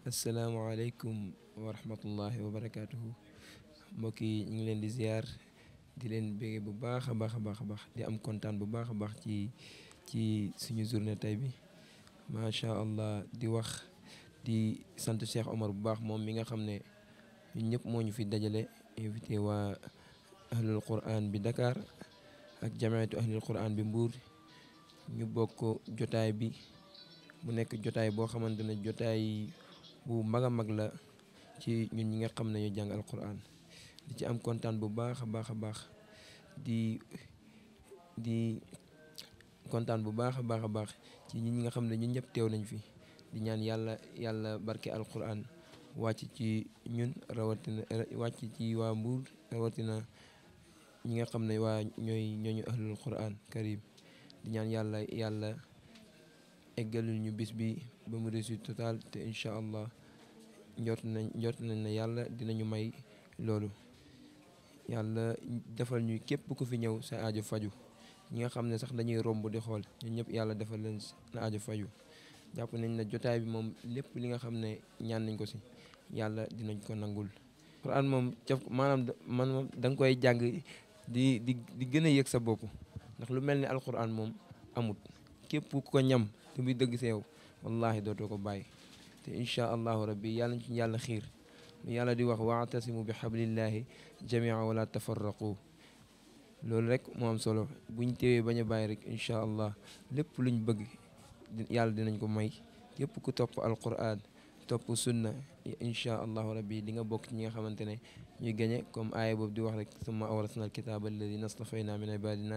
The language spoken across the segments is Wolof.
asalaamaaleykum wa rahmatullahi wa barakaatuhu mbokk yi ñu ngi leen di ziar di leen bége bu baax a baax a baax a baax di am kontaan bu baax a baax ci ci suñu journée tey bi macha allah di wax di sant Cheikh Omar bu baax moom mi nga xam ne ñun ñëpp moo ñu fi dajale invité waa ahlul quran bi Dakar ak jamaatu ahlul quran bi mbuur ñu bokk jotaay bi mu nekk jotaay boo xamante ne jotaay. bu mag a mag la ci ñun ñi nga xam ne ñu jàng alquran di ci am kontaan bu baax a baax a baax di di kontaan bu baax baax a baax ci ñi nga xam ne ñun ñëpp teew nañ fi di ñaan yàlla yàlla barke alquran wàcc ci ñun rawatina wàcc ci waa Mbuur rawatina ñi nga xam ne waa ñooy ñooñu ahlul quran karim di ñaan yàlla yàlla eggalul ñu bis bi ba mu réussite total te incha allah njort nañ njort nañ ne yàlla dinañu may loolu yàlla defal ñu képp ku fi ñëw sa aajo faju ñi nga xam ne sax dañuy romb di xool ñun ñëpp yàlla defal leen na ajo faju jàpp nañ ne jotaay bi moom lépp li nga xam ne ñaan nañ ko si yàlla dinañ ko nangul Quran moom caf maanaam man moom koy jàng di di di gën a yëg sa bopp ndax lu mel ni alquran moom amut képp ku ko ñam te muy dëgg seew wallahi dootoo ko bàyyi te inchaa allahu rabbi yàlla ñu ci yàlla xiir lu yàlla di wax waatasimu bi xablillahi jamia wala tafarraqu loolu rek moom am solo buñ téewee bañ a bàyyi rek inchaa allah lépp luñ bëgg yàlla dinañ ko may képp ku topp alquran topp sunna inchaa allahu rabbi di nga bokk ci ñi nga xamante ne ñuy gañe comme aaya boobu di wax rek summa awrasna alkitaaba alladi nastafayna min ibadina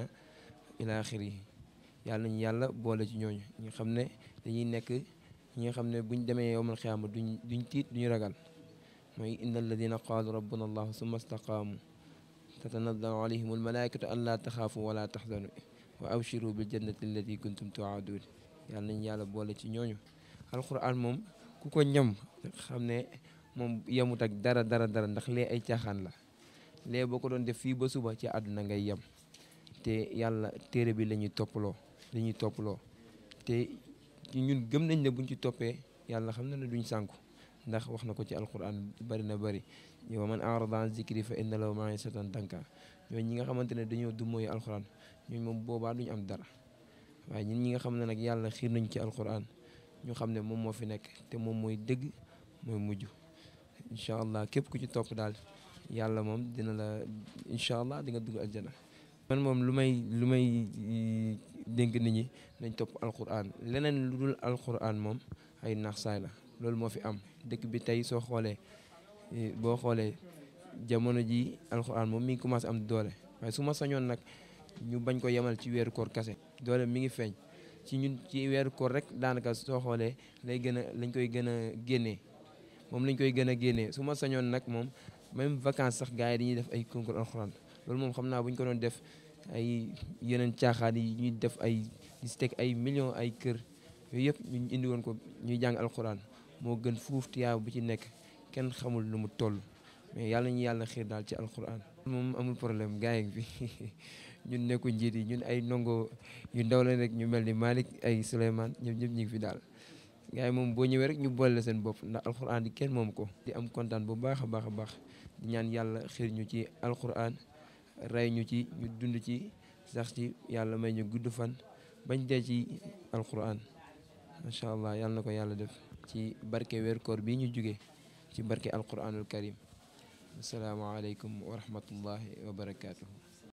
ila axirihi yàlla nañu yàlla boole ci ñooñu ñi xam ne dañuy nekk ñu xam ne buñ demee yowmal xiyaama duñ duñ tiit duñu ragal mooy inna alladina qaalu rabbuna allah summa istaqaamu tatanazzalu alayhim almalaikatu an laa taxaafu wala taxzanu wa abshiru bil jannati allati kuntum tuaadun yàlla nañu yàlla boole ci ñooñu alquran moom ku ko ñam xam ne moom yemut ak dara dara dara ndax lee ay caaxaan la lee boo ko doon def fii ba suba ci àdduna ngay yem te yàlla téere bi lañuy ñuy toppaloo li topp topploo te ñun gëm nañ ne buñ ci toppee yàlla xam na ne duñ sànku ndax wax na ko ci alxuraan bari na bari yow man arada an zikri fa inna lahu maïsatan danka ñooñu ñi nga xamante ne dañoo du mooy alquran ñooñu moom boobaa duñu am dara waaye ñun ñi nga xam ne nag yàlla xiir nañ ci alquran ñu xam ne moom moo fi nekk te moom mooy dëgg mooy mujj incha allah képp ku ci topp daal yàlla moom dina la incha allah di nga dugg man moom lu may lu may dénk nit nañ topp alquran leneen lu dul alquran moom ay naax saay la loolu moo fi am dëkk bi tey soo xoolee eh, boo xoolee jamono ji alquran moom mi ngi commencé am doole waaye su ma sañoon nag ñu bañ ko yemal ci weeru koor kase doole mi ngi feeñ ci ñun ci weeru koor rek daanaka soo xoolee lay gën a lañ koy gën a génnee moom lañ koy gën a génnee su ma sañoon nag moom même vacances sax gars yi dañuy def ay concours alxuraan loolu moom xam naa bu ñu def ay yeneen caaxaan yi ñuy def ay di ay millions ay kër yooyu yëpp ñu indiwoon ko ñuy jàng alxuraan moo gën fuuf tiyaab bu ci nekk kenn xamul lu mu toll mais yàlla ñu yàlla xiir daal ci alxuraan. moom amul problème gars yi nekku njiit yi ñun ay ndongo yu ndaw lañ rek ñu mel ni Malick ay Souleymane ñëpp ñëpp ñu ngi daal. gars moom boo ñëwee rek ñu boole seen bopp ndax alxuraan di kenn moom ko. di am kontaan bu baax a baax a baax di ñaan yàlla xiir ñu ci alxuraan. rey ñu ci ñu dund ci sax ci yàlla may ñu gudd fan bañ dee ci alquran macha allah yàlla na ko yàlla def ci barke weer koor bii ñu jóge ci barke alquranul karim asalaamaaleykum wa rahmatullahi wa